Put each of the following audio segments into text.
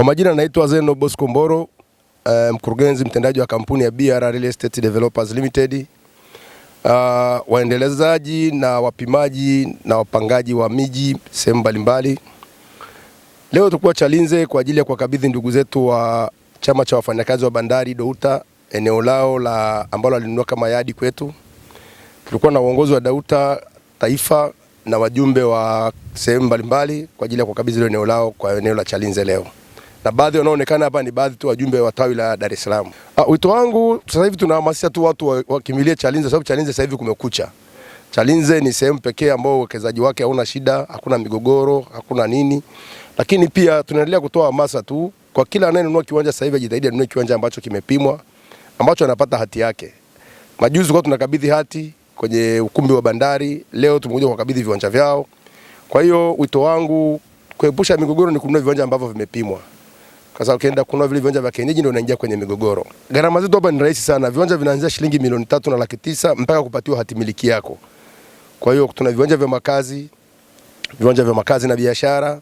Kwa majina naitwa Zeno Bosco Mboro, uh, mkurugenzi mtendaji wa kampuni ya BR Real Estate Developers Limited. Uh, waendelezaji na wapimaji na wapangaji wa miji sehemu mbalimbali. Leo tukuwa Chalinze kwa ajili ya kuwakabidhi ndugu zetu wa chama cha wafanyakazi wa bandari Douta eneo lao la ambalo alinunua kama yadi kwetu. Tulikuwa na uongozi wa Douta taifa na wajumbe wa sehemu mbalimbali kwa ajili ya kuwakabidhi eneo lao kwa eneo la Chalinze leo na baadhi wanaoonekana hapa ni baadhi tu wajumbe wa tawi la Dar es Salaam. Ah, wito wangu sasa hivi tunahamasisha tu watu wakimbilie Chalinze sababu Chalinze sasa hivi kumekucha. Chalinze ni sehemu pekee ambayo uwekezaji wake hauna shida, hakuna migogoro, hakuna nini. Lakini pia tunaendelea kutoa hamasa tu kwa kila anayenunua kiwanja sasa hivi ajitahidi anunue kiwanja ambacho kimepimwa, ambacho anapata hati yake. Majuzi kwa tunakabidhi hati kwenye ukumbi wa bandari, leo tumekuja kukabidhi viwanja vyao. Kwa hiyo wito wangu kuepusha migogoro ni kununua viwanja ambavyo vimepimwa kwa sababu ukienda kununua vile viwanja vya kienyeji ndio unaingia kwenye migogoro. Gharama zetu hapa ni rahisi sana. Viwanja vinaanzia shilingi milioni tatu na laki tisa mpaka kupatiwa hatimiliki yako. Kwa hiyo tuna viwanja vya makazi, viwanja vya makazi na biashara,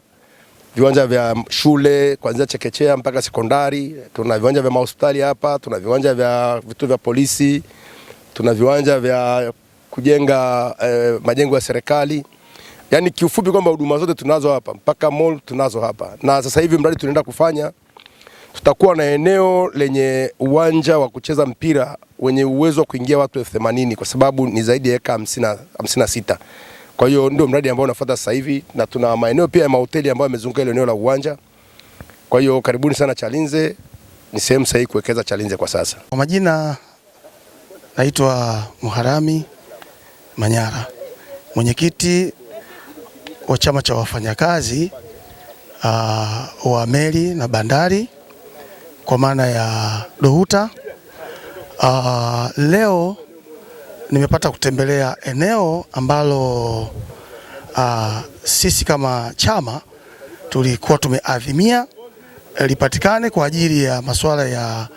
viwanja vya shule kuanzia chekechea mpaka sekondari, tuna viwanja vya mahospitali hapa, tuna viwanja vya vituo vya polisi, tuna viwanja vya kujenga eh, majengo ya serikali. Yaani kiufupi kwamba huduma zote tunazo hapa mpaka mall tunazo hapa, na sasa hivi mradi tunaenda kufanya, tutakuwa na eneo lenye uwanja wa kucheza mpira wenye uwezo wa kuingia watu 80 kwa sababu ni zaidi ya eka hamsini na sita. Kwa hiyo ndio mradi ambao unafuata sasa hivi, na tuna maeneo pia ya mahoteli ambayo yamezunguka ile eneo la uwanja. Kwa hiyo karibuni sana Chalinze, ni sehemu sahihi kuwekeza Chalinze kwa sasa. Kwa majina naitwa Muharami Manyara, mwenyekiti wa chama cha wafanyakazi ah, wa meli na bandari kwa maana ya Dohuta. Ah, leo nimepata kutembelea eneo ambalo uh, sisi kama chama tulikuwa tumeadhimia eh, lipatikane kwa ajili ya masuala ya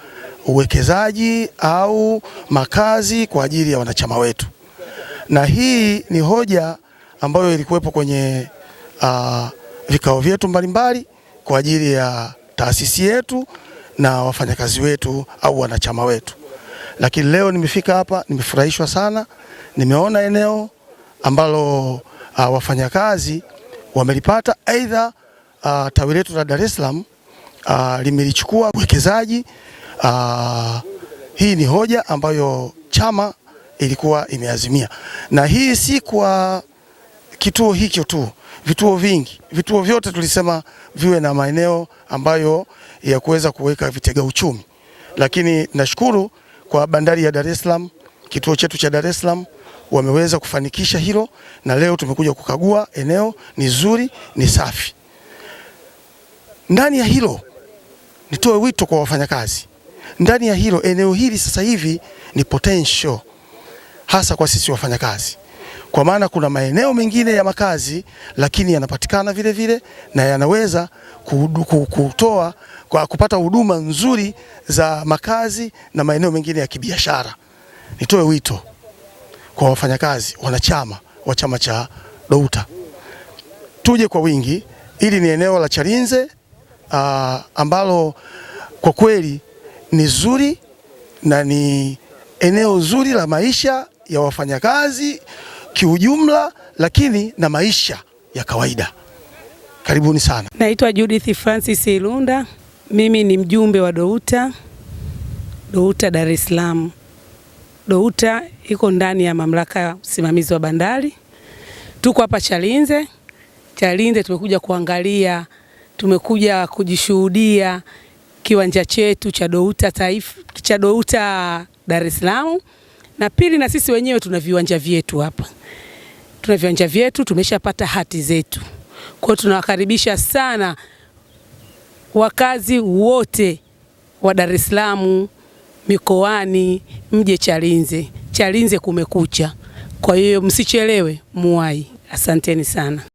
uwekezaji au makazi kwa ajili ya wanachama wetu, na hii ni hoja ambayo ilikuwepo kwenye uh, vikao vyetu mbalimbali kwa ajili ya taasisi yetu na wafanyakazi wetu au wanachama wetu. Lakini leo nimefika hapa, nimefurahishwa sana, nimeona eneo ambalo uh, wafanyakazi wamelipata, aidha uh, tawi letu la Dar es Salaam uh, limelichukua uwekezaji uh, hii ni hoja ambayo chama ilikuwa imeazimia, na hii si kwa kituo hicho tu, vituo vingi, vituo vyote tulisema viwe na maeneo ambayo ya kuweza kuweka vitega uchumi, lakini nashukuru kwa bandari ya Dar es Salaam, kituo chetu cha Dar es Salaam wameweza kufanikisha hilo, na leo tumekuja kukagua, eneo ni zuri, ni safi. Ndani ya hilo nitoe wito kwa wafanyakazi ndani ya hilo eneo hili, sasa hivi ni potential hasa kwa sisi wafanyakazi kwa maana kuna maeneo mengine ya makazi lakini yanapatikana vile vile na yanaweza kutoa kwa kupata huduma nzuri za makazi na maeneo mengine ya kibiashara. Nitoe wito kwa wafanyakazi wanachama wa chama cha Douta tuje kwa wingi. ili ni eneo la Chalinze ah, ambalo kwa kweli ni zuri na ni eneo zuri la maisha ya wafanyakazi kiujumla, lakini na maisha ya kawaida. Karibuni sana. Naitwa Judith Francis Ilunda, mimi ni mjumbe wa Douta, Douta Dar es Salaam. Douta iko ndani ya mamlaka ya usimamizi wa bandari. Tuko hapa Chalinze. Chalinze tumekuja kuangalia, tumekuja kujishuhudia kiwanja chetu cha Douta taifa cha Douta Dar es Salaam na pili, na sisi wenyewe tuna viwanja vyetu hapa, tuna viwanja vyetu, tumeshapata hati zetu. Kwa hiyo tunawakaribisha sana wakazi wote wa Dar es Salaam, mikoani, mje Chalinze. Chalinze kumekucha, kwa hiyo msichelewe, muwai. Asanteni sana.